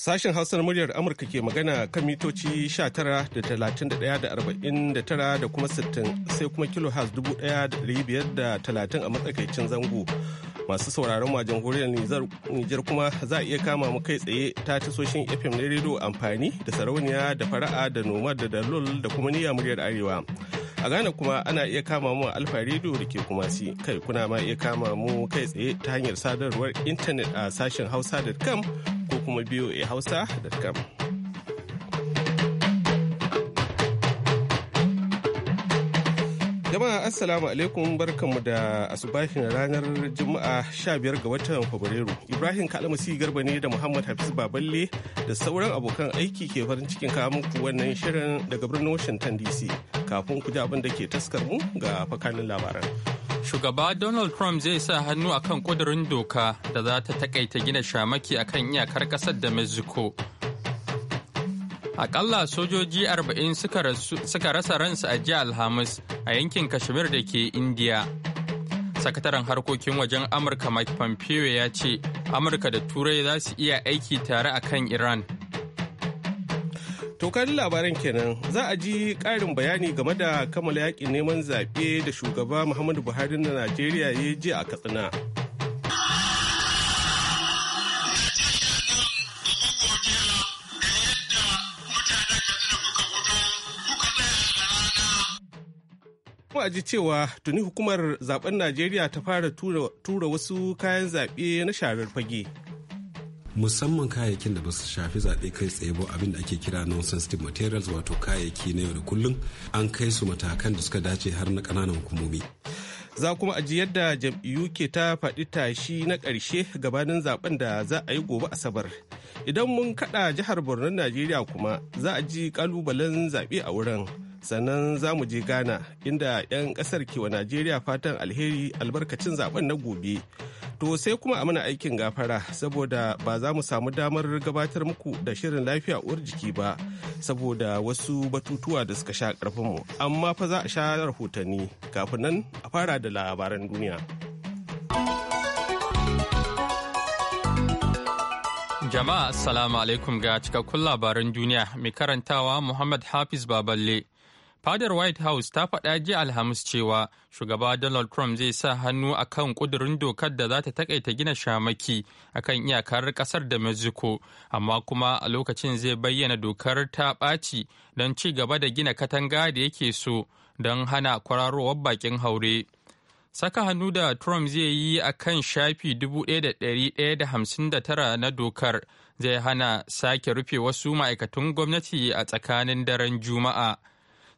Sashen Hausar muryar Amurka ke magana kan mitoci 19 da 31 da 49 da kuma 60 sai kuma kilohertz 1530 a matsakaicin zango. Masu sauraron a jamhuriyar Nijar kuma za a iya kama mu kai tsaye ta tasoshin FM na rediyo amfani da sarauniya da fara'a da noma da dalol da kuma niyya muryar Arewa. a Ghana kuma ana iya kama mu Alfa rediyo da ke kuma si kai kuna ma iya kama mu kai tsaye ta hanyar sadarwar intanet a sashen hausa.com kuma kuma voa hausa.com. Jama'a Assalamu alaikum barkanmu da asubahin ranar Juma'a 15 ga watan Fabrairu. Ibrahim Kalmasi Garba ne da Muhammad Hafiz Baballe da sauran abokan aiki ke farin cikin kawo muku wannan shirin daga birnin Washington DC. Kafin ku ji abin da ke taskar mu ga fakanin labaran. Shugaba Donald Trump zai sa hannu akan kudurin doka da za ta takaita gina shamaki akan iyakar ƙasar da Mexico. Akalla sojoji 40 suka rasa ransu a jiya Alhamis a yankin Kashmir da ke India. Sakataren harkokin wajen Amurka Mike Pompeo ya ce, Amurka da Turai za su iya aiki tare a kan Iran. Tokarin labaran kenan za a ji ƙarin bayani game da kammala yakin neman zaɓe da shugaba Muhammadu Buhari na Najeriya ya je a Katsina. Kuma ji cewa tuni hukumar zaben Najeriya ta fara tura wasu kayan zaɓe na sharar fage. musamman kayayyakin da ba su shafi zaɓe kai tsaye ba abin da ake kira non-sensitive materials wato kayayyaki na yau da kullum an kai su matakan da suka dace har na ƙananan hukumomi. Za kuma aji yadda jam'iyyu ke ta faɗi tashi na ƙarshe gabanin zaben da za a yi gobe Asabar. Idan mun kaɗa jihar Borno Najeriya kuma za a ji ƙalubalen zaɓe a wurin. Sannan za mu je Ghana inda 'yan ƙasar kewa Najeriya fatan alheri albarkacin zaben na gobe. To sai kuma a mana aikin gafara saboda ba za mu samu damar gabatar muku da shirin lafiya uwar jiki ba saboda wasu batutuwa da suka sha ƙarfinmu. Amma fa za a sha rahotanni kafin nan a fara da labaran duniya. Jama'a Assalamu alaikum ga cikakkun labaran duniya mai karantawa Muhammad Hafiz Baballe. Fadar White House ta faɗa jiya Alhamis cewa shugaba Donald Trump zai sa hannu a kan ƙudurin dokar da za ta taƙaita gina shamaki a kan iyakar ƙasar da Mexico, amma kuma a lokacin zai bayyana dokar ta ɓaci don ci gaba da gina katanga da yake so don hana kwararowar bakin haure. Saka hannu da Trump zai yi a kan shafi 1159 na dokar zai hana sake rufe wasu ma'aikatan gwamnati a tsakanin daren Juma'a.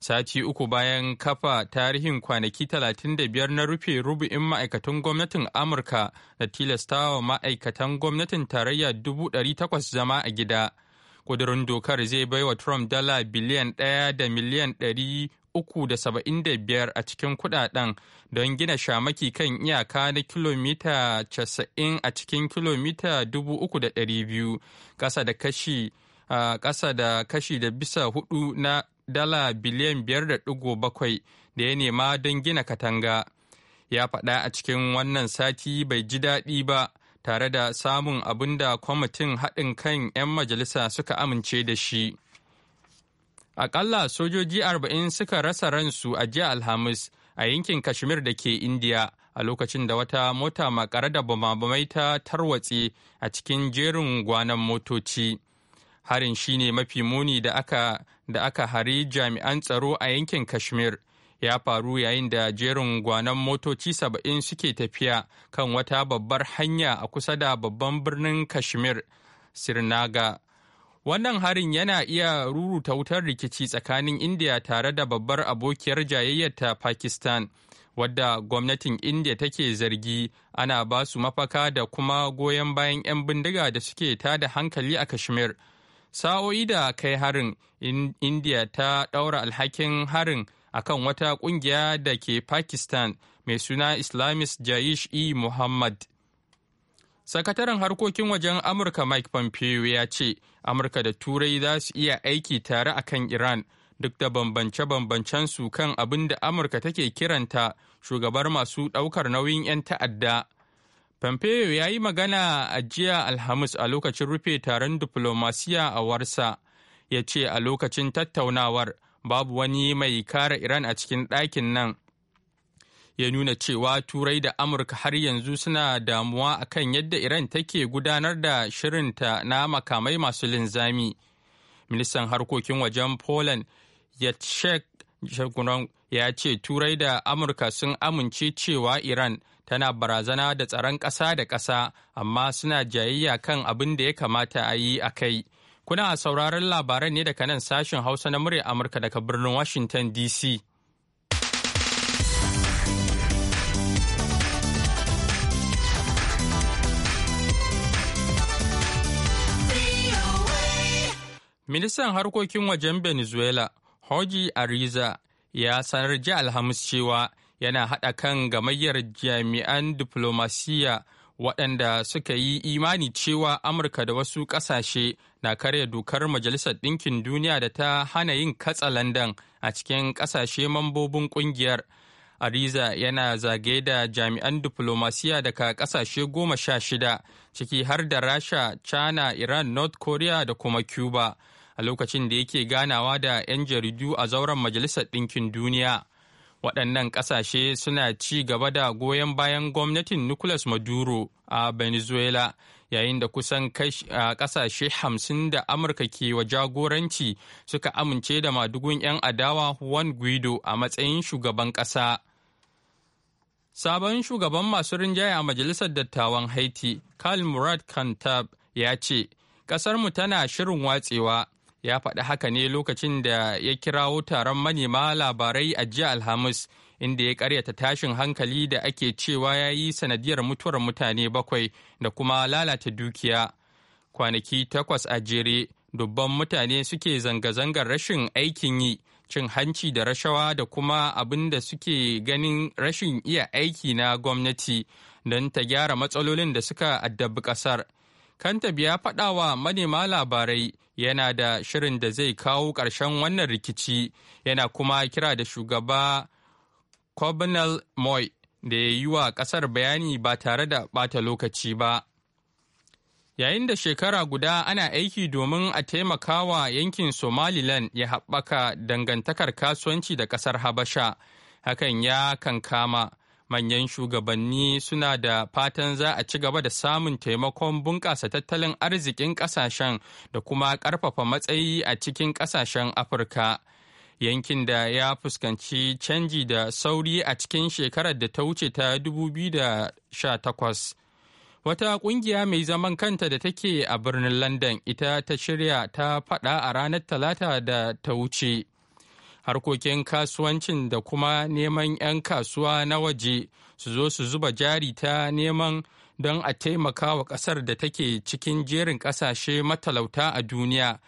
sati uku bayan kafa tarihin kwanaki 35 na rufe rubu'in ma'aikatan gwamnatin amurka da tilastawa ma'aikatan gwamnatin tarayya 800 zama a gida ƙudurin dokar zai baiwa trump dala biliyan ɗaya da miliyan 375 a cikin kudaden don gina shamaki kan iyaka na kilomita 90 a cikin kilomita 300,000 ƙasa da kashi da kashi da bisa hudu na dala biliyan biyar da ɗigo bakwai da ya nema don gina katanga ya faɗa a cikin wannan sati bai ji daɗi ba tare da samun abin da kwamitin haɗin kan 'yan majalisa suka amince da shi aƙalla sojoji arba'in suka rasa ransu a jiya alhamis a yankin kashmir da ke indiya a lokacin da wata mota makare da bamabamai ta tarwatse a cikin jerin gwanan motoci harin shine mafi muni da aka da aka hari jami'an tsaro a yankin kashmir ya faru yayin da jerin gwanon motoci saba'in suke tafiya kan wata babbar hanya a kusa da babban birnin kashmir sirnaga wannan harin yana iya ruruta wutar rikici tsakanin india tare da babbar abokiyar jayayyar pakistan wadda gwamnatin india take zargi ana ba su mafaka da kuma goyon bayan 'yan bindiga da suke tada hankali a kashmir sa'o'i da kai harin indiya ta ɗaura alhakin harin akan wata ƙungiya da ke pakistan mai suna islamist jaish e muhammad sakataren harkokin wajen amurka mike pompeo ya ce amurka da turai za su iya aiki tare akan iran duk da bambance-bambancen su kan abin da amurka take kiranta shugabar masu ɗaukar nauyin 'yan ta'adda Pompeo ya yi magana a jiya Alhamis a lokacin rufe taron diflomasiya a Warsa, ya ce a lokacin tattaunawar babu wani mai kare Iran a cikin ɗakin nan. Ya nuna cewa Turai da Amurka har yanzu suna damuwa a kan yadda Iran take gudanar da shirinta na makamai masu linzami. Ministan harkokin wajen Poland, ya ce Turai da Amurka sun amince cewa Iran tana barazana da tsaron ƙasa da ƙasa amma suna jayayya kan abin da ya kamata a yi a kai. Kuna sauraron labaran ne daga nan sashen Hausa na murya Amurka daga birnin Washington DC. Ministan harkokin wajen Venezuela, Hoji Ariza, ya sanar ji Alhamis cewa yana haɗa kan gamayyar jami'an diflomasiyya waɗanda suka yi imani cewa amurka da wasu ƙasashe na karya dokar majalisar ɗinkin duniya da ta hana yin katsa london a cikin ƙasashe mambobin ƙungiyar ariza yana zagaye da jami'an diflomasiya daga ƙasashe goma sha shida ciki har da rasha china iran north korea da kuma cuba a lokacin da yake ganawa da 'yan jaridu a zauren majalisar ɗinkin duniya waɗannan ƙasashe suna ci gaba da goyon bayan gwamnatin nicolas maduro a venezuela yayin da kusan ƙasashe hamsin da amurka ke wa jagoranci suka amince da madugun 'yan adawa juan guido a matsayin shugaban ƙasa sabon shugaban masu rinjaye a majalisar dattawan haiti karl murad kantab ya ce ƙasarmu tana shirin watsewa ya faɗi haka ne lokacin da ya kirawo taron manema labarai a jiya alhamis inda ya karyata tashin hankali da ake cewa ya yi sanadiyar mutuwar mutane bakwai da kuma lalata dukiya kwanaki takwas a jere dubban mutane suke zanga-zangar rashin aikin yi cin hanci da rashawa da kuma abin da suke ganin rashin iya aiki na gwamnati don ta gyara matsalolin da suka addabi ƙasar. Kanta ya faɗawa manema labarai yana da shirin da zai kawo ƙarshen wannan rikici yana kuma kira da shugaba Cobinal Moy da ya yi wa ƙasar bayani ba tare da ɓata lokaci ba. Yayin da shekara guda ana aiki domin a taimakawa yankin Somaliland ya haɓaka dangantakar kasuwanci da ƙasar Habasha, hakan ya kankama manyan shugabanni suna da fatan za a ci gaba da samun taimakon bunƙasa tattalin arzikin ƙasashen da kuma ƙarfafa matsayi a cikin ƙasashen afirka yankin da ya fuskanci canji da sauri a cikin shekarar da ta wuce ta 2018 wata ƙungiya mai zaman kanta da take a birnin london ita ta shirya ta faɗa a ranar talata da ta wuce harkokin kasuwancin da kuma neman 'yan kasuwa na waje su zo su zuba jari ta neman don a taimaka wa ƙasar da take cikin jerin ƙasashe matalauta a duniya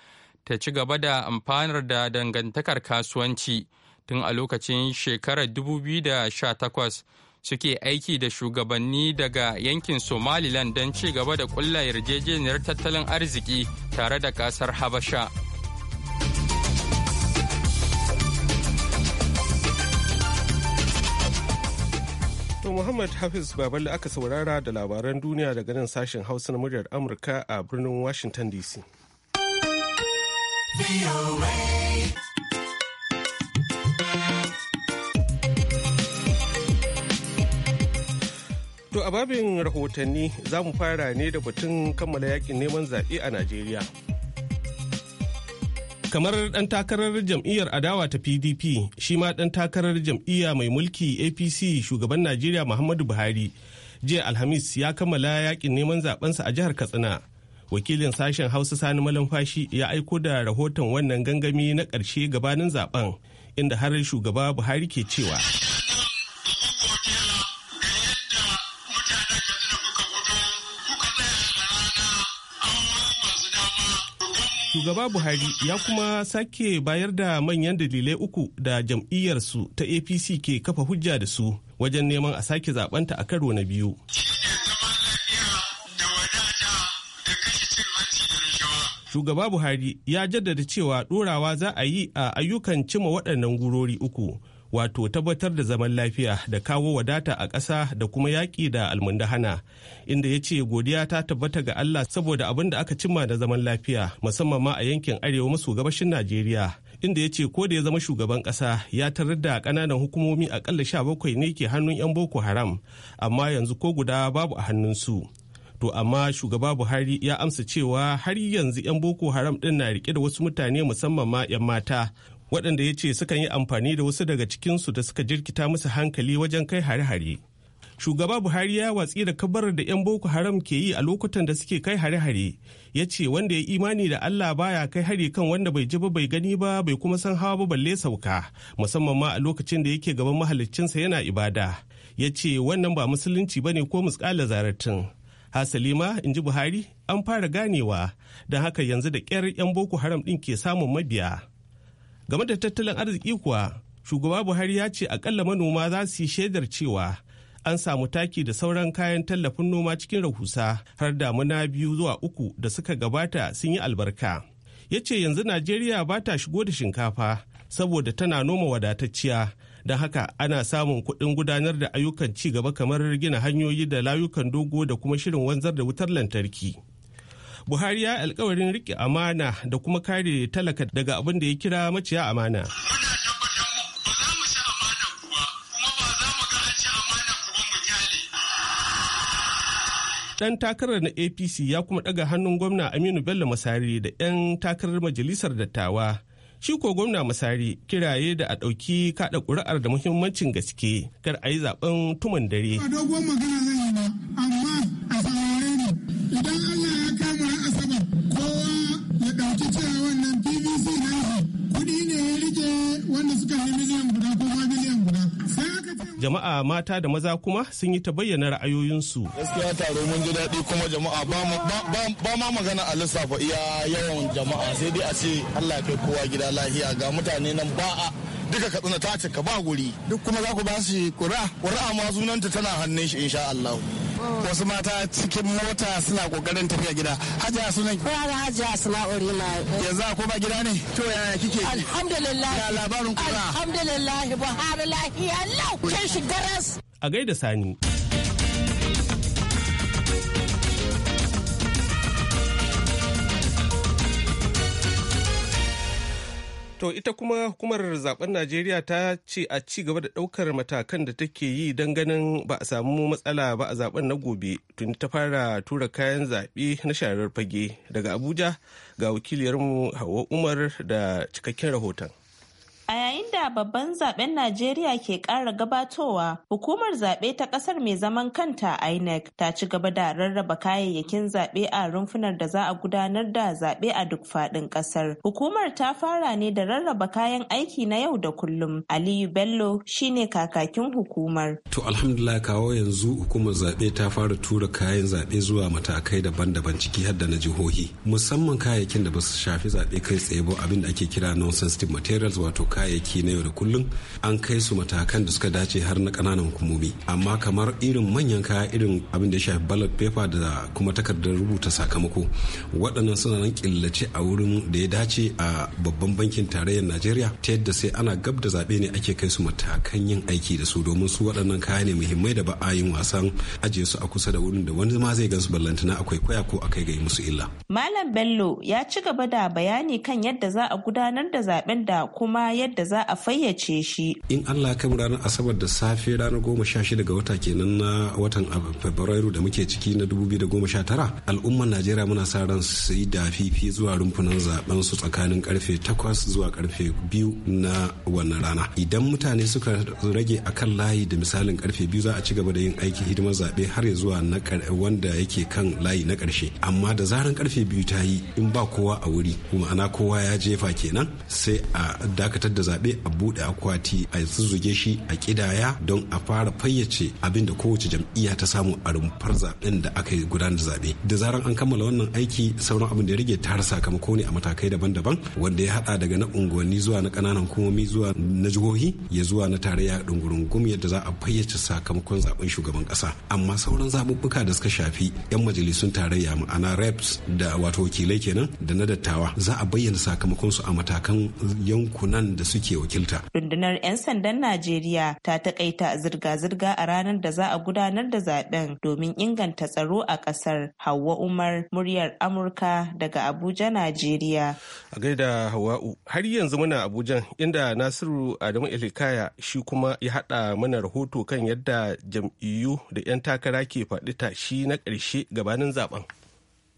ta ci gaba da amfanar da dangantakar kasuwanci tun a lokacin shekarar 2018 suke aiki da shugabanni daga yankin somaliland don ci gaba da ƙulla yarjejeniyar tattalin arziki tare da ƙasar habasha. To Muhammad Hafiz Baballe aka saurara da labaran duniya daga nan sashen Hausa na muryar Amurka a birnin Washington DC. To a babin rahotanni za fara ne da batun kammala yakin neman zaɓe a Najeriya. kamar ɗan takarar jam'iyyar adawa ta pdp shi ma ɗan takarar jam'iyya mai mulki apc shugaban najeriya muhammadu buhari jiya alhamis ya kammala yakin neman zabensa a jihar katsina wakilin sashen hausa sani malamfashi ya aiko da rahoton wannan gangami na ƙarshe gabanin zaben inda har shugaba buhari ke cewa shugaba buhari ya kuma sake bayar da manyan dalilai uku da jam'iyyarsu ta apc ke kafa hujja da su wajen neman a sake zabanta a karo na biyu shugaba buhari ya jaddada cewa ɗorawa za a yi a ayyukan cima waɗannan gurori uku wato tabbatar da zaman lafiya da kawo wadata a ƙasa da kuma yaƙi da almundahana inda ya ce godiya ta tabbata ga Allah saboda abin da aka cimma da zaman lafiya musamman ma a yankin arewa maso gabashin Najeriya inda ya ce ko da ya zama shugaban ƙasa ya tarar da ƙananan hukumomi aƙalla sha bakwai ne ke hannun 'yan Boko Haram amma yanzu ko guda babu a hannunsu. To amma shugaba Buhari ya amsa cewa har yanzu 'yan Boko Haram ɗin na rike da wasu mutane musamman ma 'yan mata waɗanda ya ce sukan yi amfani da wasu daga cikinsu da suka jirkita musu hankali wajen kai hare-hare. Shugaba Buhari ya watsi da kabarar da 'yan Boko Haram ke yi a lokutan da suke kai hare-hare, ya ce wanda ya imani da Allah baya kai hari kan wanda bai ji ba bai gani ba bai kuma san hawa ba balle sauka, musamman ma a lokacin da yake gaban mahaliccinsa yana ibada. Ya ce wannan ba musulunci ba ne ko muskala zaratin. Hasalima, in ji Buhari, an fara ganewa, don haka yanzu da ƙyar 'yan Boko Haram ɗin ke samun mabiya. game da tattalin arziki kuwa shugaba buhari ya ce akalla manoma za su yi shaidar cewa an samu taki da sauran kayan tallafin noma cikin rahusa har damuna biyu zuwa uku da suka gabata sun yi albarka ya ce yanzu najeriya ba ta shigo da shinkafa saboda tana noma wadatacciya don haka ana samun kuɗin gudanar da ayyukan ci gaba kamar gina hanyoyi da layukan dogo da kuma shirin wanzar da wutar lantarki buhari ya alkawarin rike amana da kuma kare talaka daga abin da ya kira maciya amana Ɗan takarar na apc ya kuma ɗaga hannun gwamna aminu bello masari da 'yan takarar majalisar dattawa shi ko gwamna masari kiraye da a ɗauki kaɗa ƙuri'ar da muhimmancin gaske kar a yi zaɓen tuman dare. a dogon magana zan jama'a mata da maza kuma sun yi ta bayyana ra'ayoyinsu. Gaskiya taro mun ji daɗi kuma jama'a ba ma magana a lissafa iya yawan jama'a sai dai a ce Allah kai kowa gida lahiya ga mutane nan ba a duka tsuna ta cika ba guri duk kuma za ku ba su kura. Kura ma sunanta tana hannun shi insha Allah wasu mata cikin mota suna kokarin tafiya gida hajiya sunan ki ana hajiya asma'u rima yanzu a koma gida ne to yaya kike alhamdulillah ya labarin kura alhamdulillah buhari lahiya lau kin shi garas a gaida sani To ita kuma hukumar zaben Najeriya ta ce a ci gaba da ɗaukar matakan da take yi don ganin ba a samu matsala ba a zaben na gobe tun ta fara tura kayan zaɓe na sharar fage daga Abuja ga wakiliyarmu Hauwa Umar da cikakken rahoton. A yayin da babban zaben Najeriya ke ƙara gabatowa, hukumar zaɓe ta ƙasar mai zaman kanta INEC ta ci gaba da rarraba kayayyakin zaɓe a rumfunar da za a gudanar da zaɓe a duk faɗin ƙasar. Hukumar ta fara ne da rarraba kayan aiki na yau da kullum. Aliyu Bello shine kakakin hukumar. To alhamdulillah kawo yanzu hukumar zaɓe ta fara tura kayan zaɓe zuwa matakai daban-daban ciki har da na jihohi, musamman kayayyakin da ba su shafi zaɓe kai tsaye ba abin da ake kira non-sensitive materials wato kayayyaki na yau da kullum an kai su matakan da suka dace har na kananan hukumomi amma kamar irin manyan kaya irin abin da ya shafi ballot paper da kuma takardar rubuta sakamako waɗannan suna nan killace a wurin da ya dace a babban bankin tarayyar najeriya ta yadda sai ana gab da zaɓe ne ake kai su matakan yin aiki da su domin su waɗannan kaya ne muhimmai da ba a yin wasan ajiyesu su a kusa da wurin da wani ma zai gansu ballantana akwai kwaya ko akai gai musu illa. Malam Bello ya ci gaba da bayani kan yadda za a gudanar da zaben da kuma yadda za a fayyace shi. In Allah ya mu ranar Asabar da safe ranar goma sha shida ga wata kenan na watan Fabrairu da muke ciki na dubu biyu da goma sha tara al'umman Najeriya muna sa ran su yi dafifi zuwa rumfunan zaben su tsakanin karfe takwas zuwa karfe biyu na wannan rana. Idan mutane suka rage akan layi da misalin karfe biyu za a ci gaba da yin aiki hidimar zaɓe har zuwa na wanda yake kan layi na ƙarshe amma da zaran karfe biyu ta yi in ba kowa a wuri ma'ana kowa ya jefa kenan sai a dakatar da zaɓe a buɗe akwati a zuzzuge shi a ƙidaya don a fara fayyace abin da kowace jam'iyya ta samu a rumfar zaɓen da aka gudanar da zaɓe da zaran an kammala wannan aiki sauran abin da ya rage tara sakamako ne a matakai daban-daban wanda ya haɗa daga na unguwanni zuwa na ƙananan hukumomi zuwa na jihohi ya zuwa na tarayya ɗungurungum yadda za a fayyace sakamakon zaɓen shugaban ƙasa amma sauran zaɓuɓɓuka da suka shafi 'yan majalisun tarayya ma'ana reps da wato wakilai kenan da na dattawa za a bayyana sakamakonsu a matakan yankunan da da suke wakilta. Rundunar 'yan sandan Najeriya ta takaita zirga-zirga a ranar da za a gudanar da zaben domin inganta tsaro a kasar. Hauwa Umar muryar Amurka daga Abuja, Najeriya. A gaida Hawa'u, har yanzu muna Abuja inda Nasiru Adamu elikaya shi kuma ya haɗa mana rahoto kan yadda jam'iyyu da 'yan takara ke faɗi shi na ƙarshe gabanin zaben.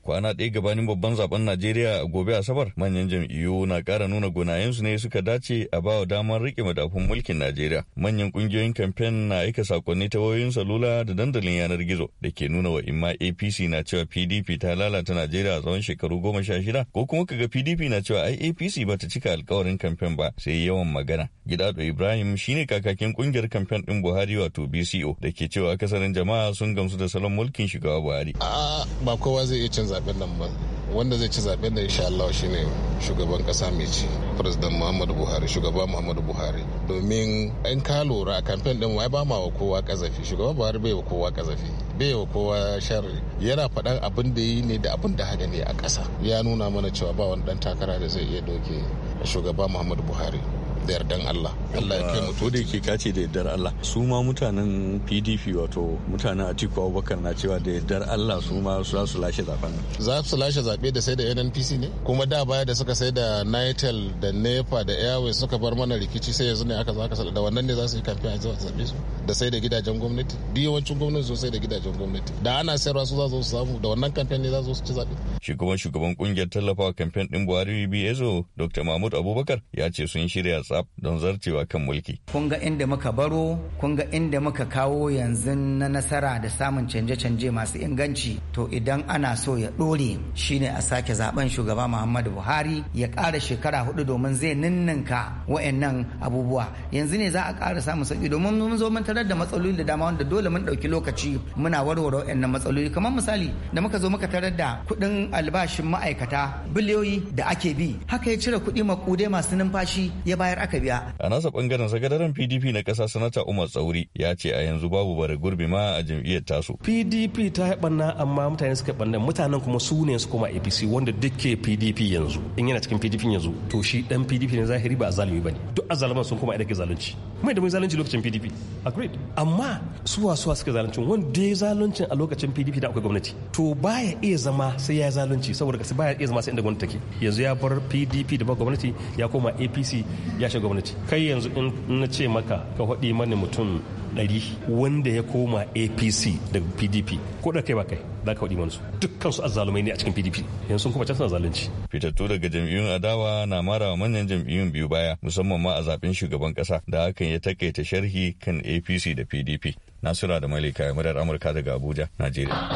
kwana ɗaya gabanin babban zaben najeriya gobe asabar manyan jam'iyyu na ƙara nuna gonayensu ne suka dace a bawa damar rike madafun mulkin najeriya manyan ƙungiyoyin kamfen na aika sakonni ta wayoyin salula da dandalin yanar gizo da ke nuna wa imma apc na cewa pdp ta lalata najeriya a tsawon shekaru goma sha shida ko kuma kaga pdp na cewa ai apc ba ta cika alkawarin kamfen ba sai yawan magana gidado ibrahim shine kakakin ƙungiyar kamfen ɗin buhari wato bco da ke cewa akasarin jama'a sun gamsu da salon mulkin shugaba buhari a ba kowa zai iya canza zaben nan ba wanda zai ci zaben nan insha Allah shine shugaban kasa mai ci president Muhammadu Buhari shugaba Muhammadu Buhari domin in ka lura a kamfen din wai ba ma wa kowa kazafi shugaba Buhari bai wa kowa kazafi bai wa kowa sharri yana faɗan abin da yi ne da abin da haka ne a ƙasa ya nuna mana cewa ba wani ɗan takara da zai iya doke shugaba Muhammadu Buhari da yardan Allah Allah ya kai mu to da yake kace da yardar Allah su ma mutanen PDP wato mutanen Atiku Abubakar na cewa da yardar Allah su ma za su lashe zaben za su lashe zabe da sai da NNPC ne kuma da baya da suka sai da Nitel da NEPA da AIRWAYS suka bar mana rikici sai yanzu ne aka za ka da wannan ne za su yi kamfen a zabe su da sai da gidajen gwamnati duk yawancin gwamnati sosai da gidajen gwamnati da ana sayarwa su za su samu da wannan kamfen ne za su ci zabe shugaban shugaban kungiyar tallafawa kamfen din Buhari BSO Dr. Mahmud Abubakar ya ce sun shirya whatsapp don zarcewa kan mulki. Kun ga inda muka baro, kun ga inda muka kawo yanzu na nasara da samun canje-canje masu inganci. To idan ana so ya ɗore shine a sake zaben shugaba Muhammadu Buhari ya ƙara shekara hudu domin zai ninninka wa'annan abubuwa. Yanzu ne za a ƙara samun sauki domin mun zo mun tarar da matsaloli da dama wanda dole mun ɗauki lokaci muna warware wa'annan matsaloli. Kamar misali da muka zo muka tarar da kuɗin albashin ma'aikata biliyoyi da ake bi. Haka ya cire kuɗi maƙudai masu numfashi ya bayar aka biya. A nasa bangaren sakataren PDP na kasa sanata Umar Tsauri ya ce a yanzu babu bare gurbi ma a jam'iyyar tasu. PDP ta yi banna amma mutane suka banna mutanen kuma su ne su koma APC wanda duke PDP yanzu. In yana cikin PDP yanzu to shi dan PDP ne zahiri ba zalimi bane. Duk azalman sun koma ke zalunci. Mai da mai zalunci lokacin PDP. Agreed. Amma suwa suwa suka zalunci wanda ya zalunci a lokacin PDP da akwai gwamnati. To baya iya zama sai ya zalunci saboda kasi baya iya zama sai inda gwamnati take. Yanzu ya bar PDP da ba gwamnati ya koma APC ya ya shiga gwamnati kai yanzu in na ce maka ka faɗi mani mutum ɗari wanda ya koma apc da pdp ko da kai ba kai za ka faɗi su dukkan su azzalumai ne a cikin pdp yanzu sun kuma can suna zalunci fitattu daga jam'iyyun adawa na mara wa manyan jam'iyyun biyu baya musamman ma a zaben shugaban kasa da hakan ya takaita sharhi kan apc da pdp nasura da malika ya murar amurka daga abuja najeriya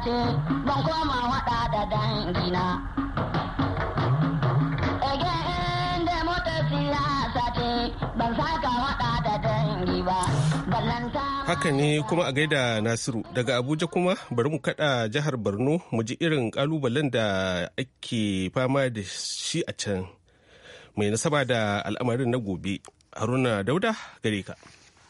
don koma da dangina Haka ne kuma a gaida Nasiru daga Abuja kuma bari mu kada jihar Borno mu ji irin kalubalen da ake fama da shi a can mai nasaba da al'amarin na gobe Haruna Dauda gare ka.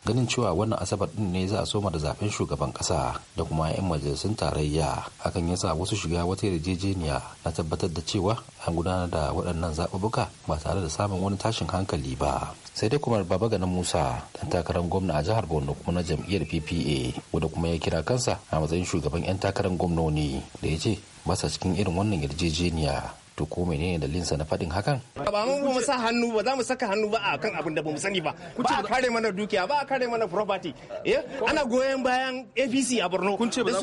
ganin cewa wannan asabar din ne za a soma da zafin shugaban kasa da kuma 'yan majalisun tarayya hakan ya sa wasu shiga wata yarjejeniya na tabbatar da cewa an gudanar da waɗannan zaɓuɓɓuka ba tare da samun wani tashin hankali ba sai dai kuma baba gana musa dan takarar gwamna a jihar borno kuma na jam'iyyar ppa wanda kuma ya kira kansa a matsayin shugaban 'yan takarar gwamnoni da ya ce ba sa cikin irin wannan yarjejeniya to ko menene dalilinsa na faɗin hakan ba mu mu sa hannu ba za mu saka hannu ba a kan abin da ba mu sani ba ba a kare mana dukiya ba a kare mana property eh, ana goyon bayan APC a Borno kun ce ba za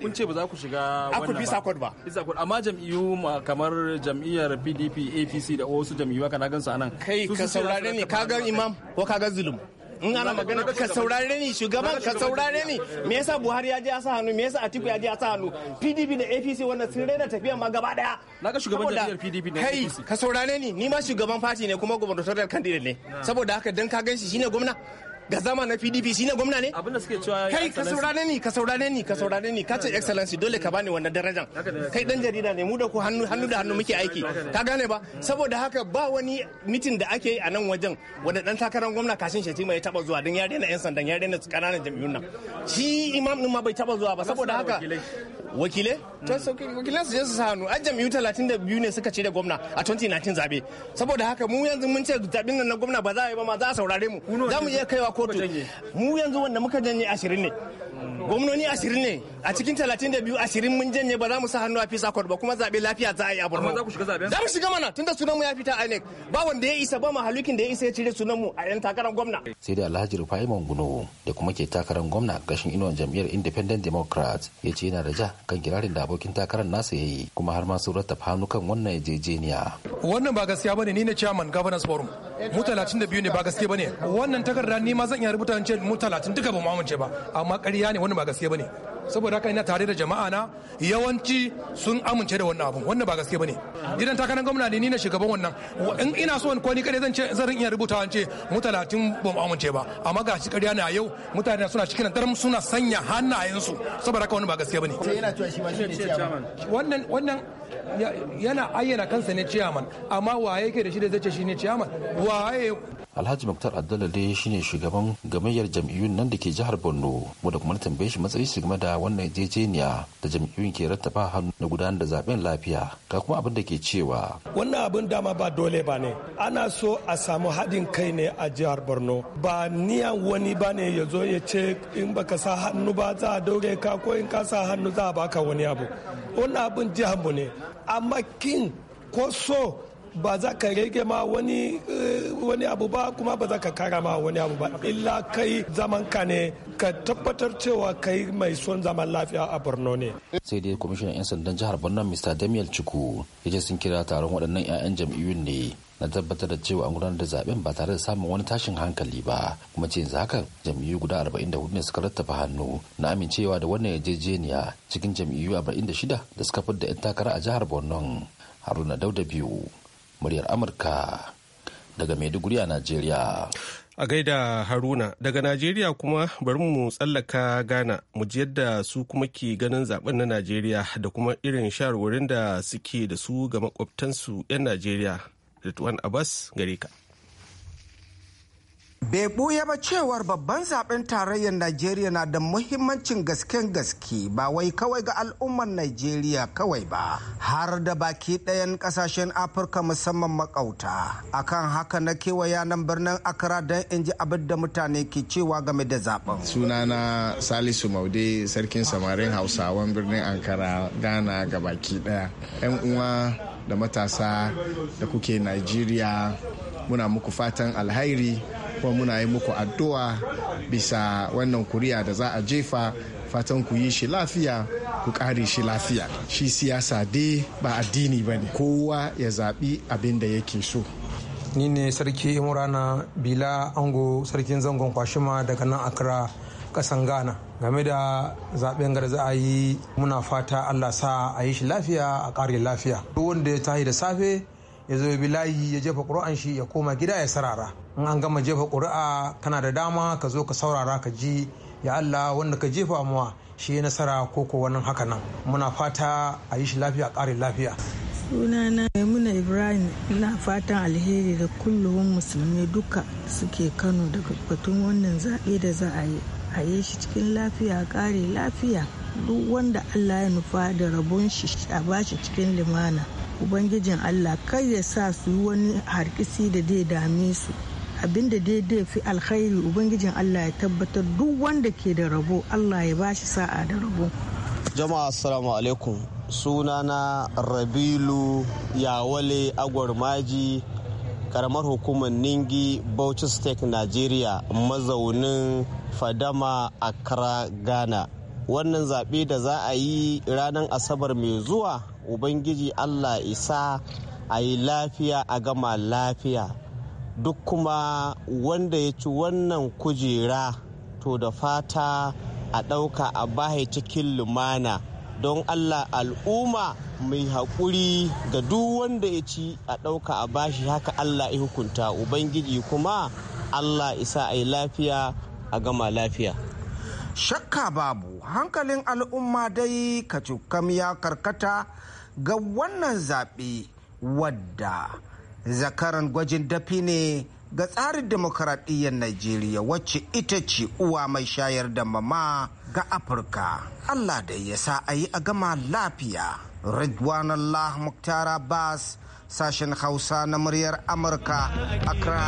ku ce ba za ku shiga wannan ba akwai ba amma jam'iyyu kamar jam'iyyar PDP APC da wasu jam'iyyu haka na gansu anan kai ka saurare ne ka ga imam ko ka ga zulum in ana magana ka saurare ni shugaban ka saurare ni me yasa Buhari ya je a sa hannu me yasa Atiku ya je a sa hannu PDP da APC wannan sun raina tafiya ma gaba daya ga shugaban jam'iyyar PDP ne kai ka saurare ni ni ma shugaban fati ne kuma gubernatorial candidate ne saboda haka dan ka ganshi shine gwamna ga zama na pdp shi ne gwamna ne abinda suke cewa kai ka saurare ni ka saurane ni ka saurane ni ka ce excellency dole ka bani wannan darajan kai dan jarida ne mu da ku hannu hannu da hannu muke aiki ka gane ba saboda haka ba wani mitin da ake yi a nan wajen wanda dan takarar gwamna kashin shetima ya taba zuwa dan ya daina yan sandan ya daina kananan jami'un nan shi imam din ma bai taba zuwa ba saboda haka wakile ta sauki wakilan su je su sa hannu an jam'iyyu 32 ne suka ce da gwamna a 2019 zabe saboda haka mu yanzu mun ce zaben nan na gwamna ba za a yi ba ma za a saurare mu za mu iya kaiwa kotu mu yanzu wanda muka janye 20 ne gwamnoni ashirin ne a cikin talatin da biyu ashirin mun janye ba za mu sa hannu a fisa kwad ba kuma zaɓe lafiya za a yi a borno za mu shiga mana tunda sunan mu ya fita inec ba wanda ya isa ba mahalukin da ya isa ya cire sunan mu a yan takarar gwamna sai da alhaji rufai manguno da kuma ke takarar gwamna gashin inuwan jam'iyyar independent democrat ya ce yana da ja kan kirarin da abokin takarar nasa ya yi kuma har ma sun rattafa hannu kan wannan yarjejeniya wannan ba gaskiya bane ni ne chairman governance forum mu talatin da biyu ne ba gaskiya bane wannan takarda ni ma zan iya rubuta mu talatin duka ba mu amince ba amma ƙarya ne wannan ba gaskiya bane saboda haka ina tare da jama'a na yawanci sun amince da wannan abun wannan ba gaskiya bane idan takarar gwamna ne ni na shugaban wannan in ina so ko ni kare zan ce zan iya rubuta an ce mu talatin ba mu amince ba amma ga shi ƙarya na yau mutane suna cikin daram suna sanya hannayensu saboda haka wannan ba gaskiya bane sai cewa shi shi ne wannan wannan yana ayyana kansa ne ciyaman amma waye yake da shi da zai ce shi ne ciyaman waye alhaji muktar abdullahi shine shugaban gamayyar jam'iyyun nan da ke jihar borno wanda kuma na tambaye shi matsayi su game da wannan jejeniya da jam'iyyun ke rattaba hannu na gudanar da zaben lafiya ga kuma abin da ke cewa wannan abin dama ba dole ba ne ana so a samu haɗin kai ne a jihar borno ba niyan wani ba ne ya zo ya ce in baka sa hannu ba za a daure ka ko in ka sa hannu za a baka wani abu wannan abin jihar mu ne amma kin ko so ba za ka rage ma eh, wani abu ba kuma ba za ka kara ma wani abu ba illa kai zaman ka ne ka tabbatar cewa kai mai son zaman lafiya a borno ne sai dai kwamishin 'yan sandan jihar borno mr damiel chuku ya ce sun kira taron waɗannan 'ya'yan jam'iyyun ne na tabbatar da cewa an gudanar da zaben ba tare da samun wani tashin hankali ba kuma ce yanzu haka jam'iyyu guda arba'in 44 ne suka rattafa hannu na amincewa da wannan yarjejeniya cikin jam'iyyu 46 da suka fidda 'yan takara a jihar borno haruna dauda biyu muryar amurka daga maiduguri a najeriya a gaida haruna daga najeriya kuma bari mu tsallaka ghana mu ji yadda su kuma ke ganin zaben na najeriya da kuma irin sharwarin da suke da su ga makwabtansu 'yan najeriya ritwan abbas gare ka bai buya ba cewar babban zaben tarayyar najeriya na da muhimmancin gasken gaske ba wai kawai ga al'ummar najeriya kawai ba har da baki ɗayan ƙasashen afirka musamman makauta akan haka na kewaya nan birnin akra don in ji abin da mutane ke cewa game da zaben sunana salisu maude sarkin samarin hausawan birnin ankara ghana ga baki ɗaya yan uwa da matasa da kuke najeriya muna muku fatan alhairi kuma muna yi muku addu'a bisa wannan kuri'a da za a jefa fatan ku yi shi lafiya ku kare shi lafiya shi siyasa dai ba addini ba ne kowa ya zaɓi abin da yake so ni ne sarki Murana, bila ango sarkin zangon kwashima daga nan akra ƙasan ghana game da zaɓen gar za a yi muna fata allah sa a yi shi lafiya a kare lafiya duk wanda ya tahi da safe ya zo bi layi ya jefa ƙur'an shi ya koma gida ya sarara in an gama jefa ƙuri'a kana da dama ka zo ka saurara ka ji ya Allah wanda ka jefa muwa shi ya nasara ko ko haka nan muna fata a yi shi lafiya ƙarin lafiya sunana maimuna ibrahim ina fatan alheri da kullum musulmi duka suke kano daga batun wannan zaɓe da za a yi a yi shi cikin lafiya ƙari lafiya duk wanda allah ya nufa da rabon shi a bashi cikin limana ubangijin allah kai ya sa su yi wani harkisi da zai dame su abinda daidai fi alkhairi ubangijin allah ya tabbatar duk wanda ke da rabo allah ya bashi sa'a da rabo jama'a assalamu alaikum sunana rabilu yawale agwarmaji karamar hukumar ningi bauchi state nigeria mazaunin fadama accra ghana wannan zaɓe da za a yi ranar asabar mai zuwa ubangiji allah isa a yi lafiya a gama lafiya duk kuma wanda ya ci wannan kujera to da fata a ɗauka a bahe cikin lumana don allah al'umma mai haƙuri ga duk wanda ya ci a ɗauka a bashi haka allah ya hukunta ubangiji kuma allah isa a yi lafiya a gama lafiya shakka babu hankalin al'umma dai ka cukam ya karkata ga wannan zaɓe wadda zakaran gwajin dafi ne ga tsarin demokaradiyyar Najeriya wacce ita ce uwa mai shayar da mama ga Afirka. Allah da ya sa a yi a gama lafiya. Ridwanallah muktara bas! sashen Hausa na muryar Amurka, Accra.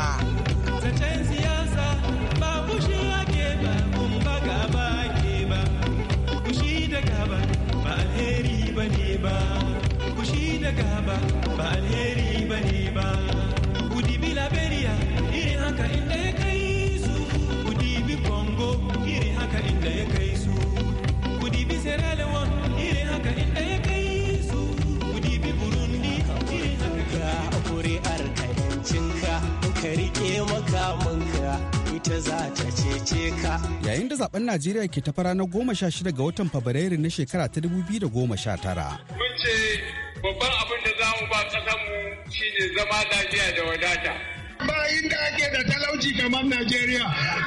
ce ka. Yayin da zaben Najeriya ke ta na goma sha shida ga watan Fabrairu na shekara ta dubu biyu da goma sha tara. Mun ce babban abin da za mu ba shi shine zama lafiya da wadata. bayan da ake da talauci kamar Najeriya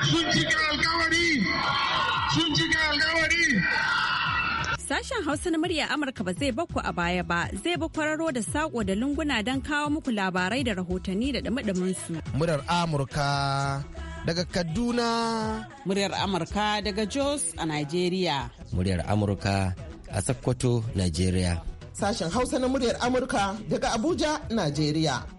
sun cika alkawari sun cika alkawari. Sashen Hausa na murya Amurka ba zai bakku a baya ba, zai ba kwararo da sako da lunguna don kawo muku labarai da rahotanni da dumi su. Murar Amurka daga Kaduna. Muryar Amurka daga Jos a Najeriya. Muryar Amurka a Sokoto, Najeriya. Sashen Hausa na muryar Amurka daga Abuja, Najeriya.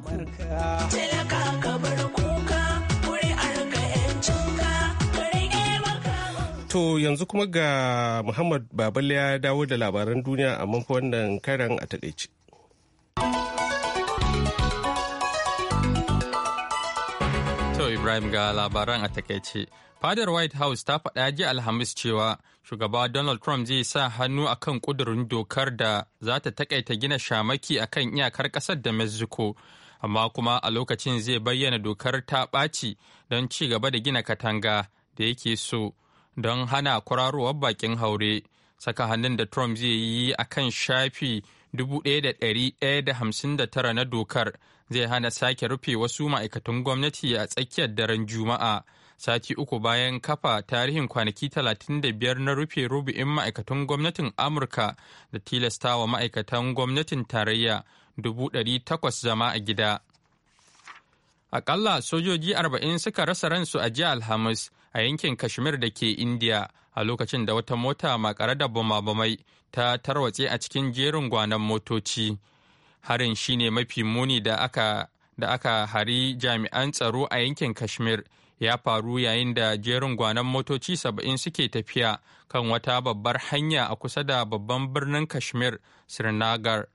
ku. To yanzu kuma ga Muhammad Baballe ya dawo da labaran duniya a fa wannan karan a takaice. To Ibrahim ga labaran a takaice. Fadar White House ta faɗa jiya Alhamis cewa shugaba Donald Trump zai sa hannu a kan ƙudurin dokar da za ta taƙaita gina shamaki a kan iyakar ƙasar da Mexico amma kuma a lokacin zai bayyana dokar ta ɓaci don ci gaba da gina katanga da yake so don hana kwararowar bakin haure saka hannun da trump zai yi a kan shafi 1159 na dokar zai hana sake rufe wasu ma'aikatan gwamnati a tsakiyar daren juma'a sati uku bayan kafa tarihin kwanaki 35 na rufe rubu'in ma'aikatan gwamnatin amurka da tilastawa ma'aikatan gwamnatin tarayya 800 zama a gida. aƙalla sojoji 40 suka rasa ransu a jiya Alhamis a yankin Kashmir da ke India a lokacin da wata mota makare da bama ta tarwatse a cikin jerin gwanon motoci. Harin shine mafi muni da aka da aka hari jami'an tsaro a yankin Kashmir ya faru yayin da jerin gwanan motoci saba'in suke tafiya kan wata babbar hanya a kusa da babban birnin Kashmir, Srinagar.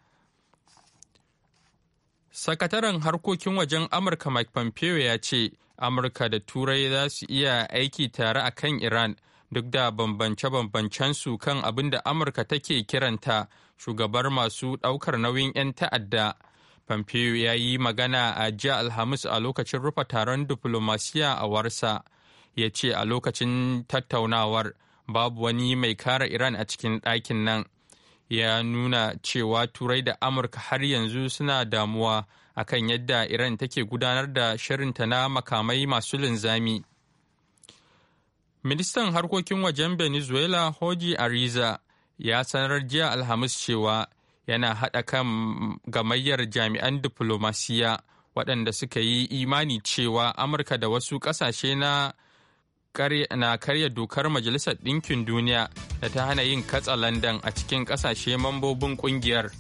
sakataren harkokin wajen amurka mike pompeo ya ce amurka da turai za su iya aiki tare a kan iran duk da bambance bambancen su kan abin da amurka take kiranta shugabar masu ɗaukar nauyin 'yan ta'adda pompeo ya yi magana a jiya alhamis a lokacin rufe taron diflomasiya a warsa ya ce a lokacin tattaunawar babu wani mai kare iran a cikin ɗakin nan ya nuna cewa turai da amurka har yanzu suna damuwa akan yadda iran take gudanar da shirinta na makamai masu linzami ministan harkokin wajen venezuela hoji ariza ya sanar jiya alhamis cewa yana haɗa kan gamayyar jami'an diplomasiya waɗanda suka yi imani cewa amurka da wasu ƙasashe na na karya dokar Majalisar Ɗinkin Duniya da ta hana yin katsa landan a cikin ƙasashe mambobin ƙungiyar.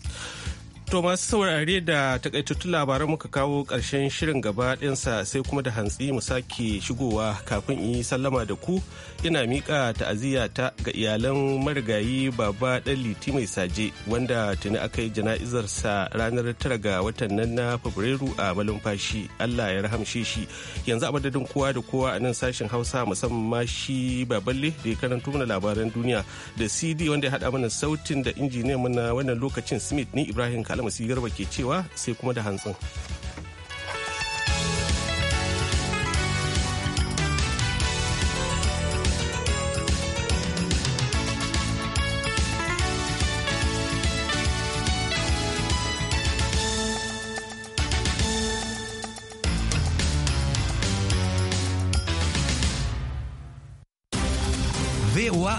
To masu saurare da takaitattun labaran muka kawo ƙarshen shirin gaba ɗinsa sai kuma da hantsi mu sake shigowa kafin yi sallama da ku ina miƙa ta'aziyya ta ga iyalan marigayi baba ɗan liti mai saje wanda tuni aka yi jana'izarsa ranar tara ga watan nan na fabrairu a malumfashi Allah ya rahamshe shi yanzu a madadin kowa da kowa a nan sashen hausa musamman ma shi baballe da ya karanto mana labaran duniya da cd wanda ya haɗa mana sautin da injiniyan mana wannan lokacin smith ni ibrahim almasi garba ke cewa sai kuma da hantsin.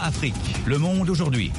Afrique. Le monde aujourd'hui.